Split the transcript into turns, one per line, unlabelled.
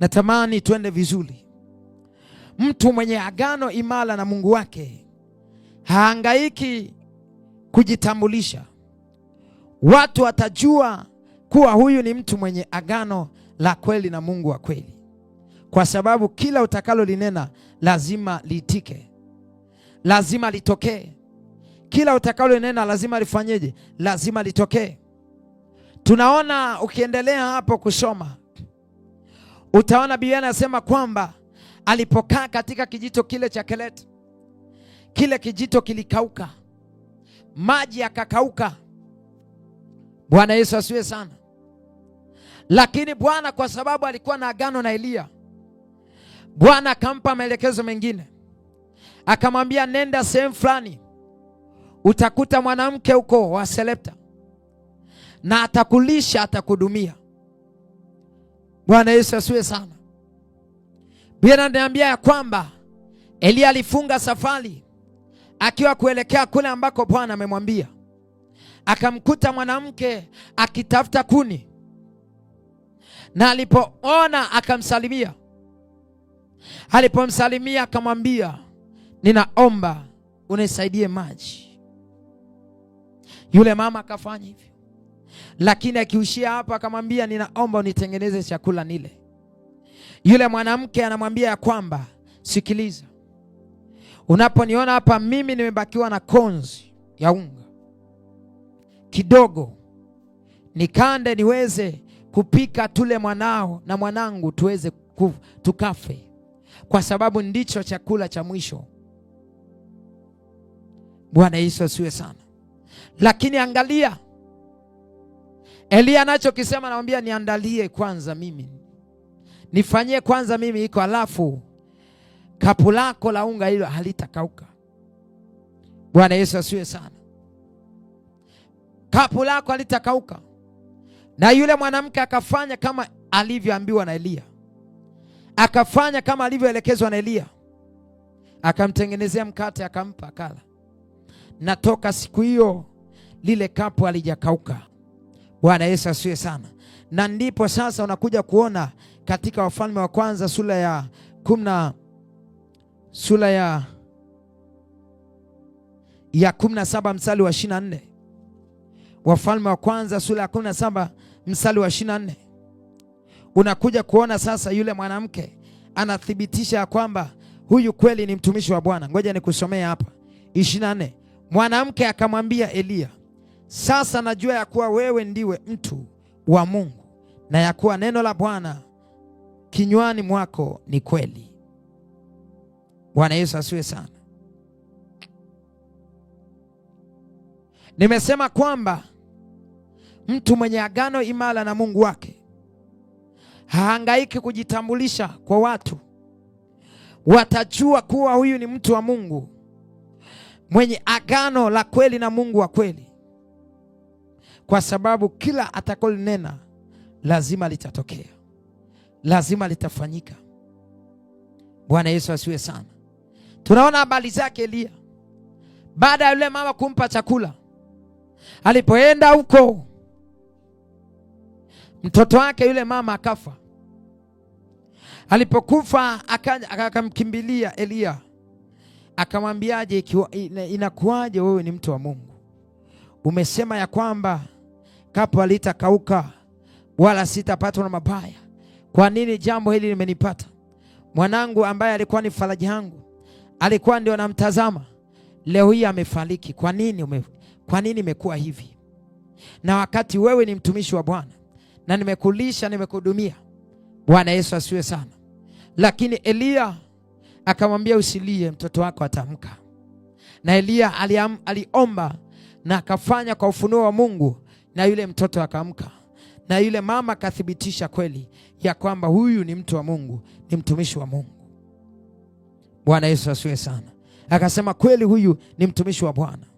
Natamani twende vizuri. Mtu mwenye agano imara na Mungu wake hahangaiki kujitambulisha. Watu watajua kuwa huyu ni mtu mwenye agano la kweli na Mungu wa kweli, kwa sababu kila utakalolinena lazima liitike, lazima litokee. Kila utakalolinena lazima lifanyeje? Lazima litokee. Tunaona ukiendelea hapo kusoma Utaona Biblia anasema kwamba alipokaa katika kijito kile cha Kereti, kile kijito kilikauka, maji yakakauka. Bwana Yesu asiwe sana. Lakini Bwana kwa sababu alikuwa na agano na Eliya, Bwana akampa maelekezo mengine, akamwambia nenda sehemu fulani, utakuta mwanamke huko wa Selepta na atakulisha, atakudumia Bwana Yesu asiwe sana. Biblia inaniambia ya kwamba Eliya alifunga safari akiwa kuelekea kule ambako Bwana amemwambia, akamkuta mwanamke akitafuta kuni, na alipoona akamsalimia. Alipomsalimia akamwambia, ninaomba unisaidie maji. Yule mama akafanya hivyo. Lakini akiushia hapa, akamwambia ninaomba unitengeneze chakula nile. Yule mwanamke anamwambia ya kwamba sikiliza, unaponiona hapa mimi nimebakiwa na konzi ya unga kidogo, nikande niweze kupika tule mwanao na mwanangu tuweze tukafe, kwa sababu ndicho chakula cha mwisho. Bwana Yesu asiwe sana. Lakini angalia Elia anachokisema namwambia, niandalie kwanza mimi, nifanyie kwanza mimi iko, alafu kapu lako la unga hilo halitakauka. Bwana Yesu asiwe sana, kapu lako halitakauka. Na yule mwanamke akafanya kama alivyoambiwa na Eliya, akafanya kama alivyoelekezwa na Eliya, akamtengenezea mkate akampa akala, natoka siku hiyo lile kapu halijakauka. Bwana Yesu asiwe sana. Na ndipo sasa unakuja kuona katika Wafalme wa Kwanza sura ya kumna sura ya ya kumi na saba mstari wa ishirini na nne Wafalme wa Kwanza sura ya kumi na saba mstari wa ishirini na nne unakuja kuona sasa yule mwanamke anathibitisha ya kwamba huyu kweli ni mtumishi wa Bwana. Ngoja nikusomee hapa ishirini na nne. Mwanamke akamwambia Eliya sasa najua ya kuwa wewe ndiwe mtu wa Mungu na ya kuwa neno la Bwana kinywani mwako ni kweli. Bwana Yesu asiwe sana. Nimesema kwamba mtu mwenye agano imara na Mungu wake hahangaiki kujitambulisha kwa watu. Watajua kuwa huyu ni mtu wa Mungu mwenye agano la kweli na Mungu wa kweli kwa sababu kila atakolinena lazima litatokea, lazima litafanyika. Bwana Yesu asiwe sana. Tunaona habari zake Eliya baada ya yule mama kumpa chakula, alipoenda huko mtoto wake yule mama akafa. Alipokufa akamkimbilia Eliya akamwambiaje, inakuwaje wewe ni mtu wa Mungu Umesema ya kwamba kapu halitakauka wala sitapatwa na mabaya. Kwa nini jambo hili limenipata? Mwanangu ambaye alikuwa ni faraja yangu, alikuwa ndio namtazama, leo hii amefariki. Kwa nini ume, kwa nini imekuwa hivi? Na wakati wewe ni mtumishi wa Bwana na nimekulisha, nimekuhudumia. Bwana Yesu asiwe sana. Lakini Eliya akamwambia, usilie, mtoto wako atamka. Na Eliya aliomba na akafanya kwa ufunuo wa Mungu, na yule mtoto akaamka, na yule mama akathibitisha kweli ya kwamba huyu ni mtu wa Mungu, ni mtumishi wa Mungu. Bwana Yesu asiwe sana, akasema kweli, huyu ni mtumishi wa Bwana.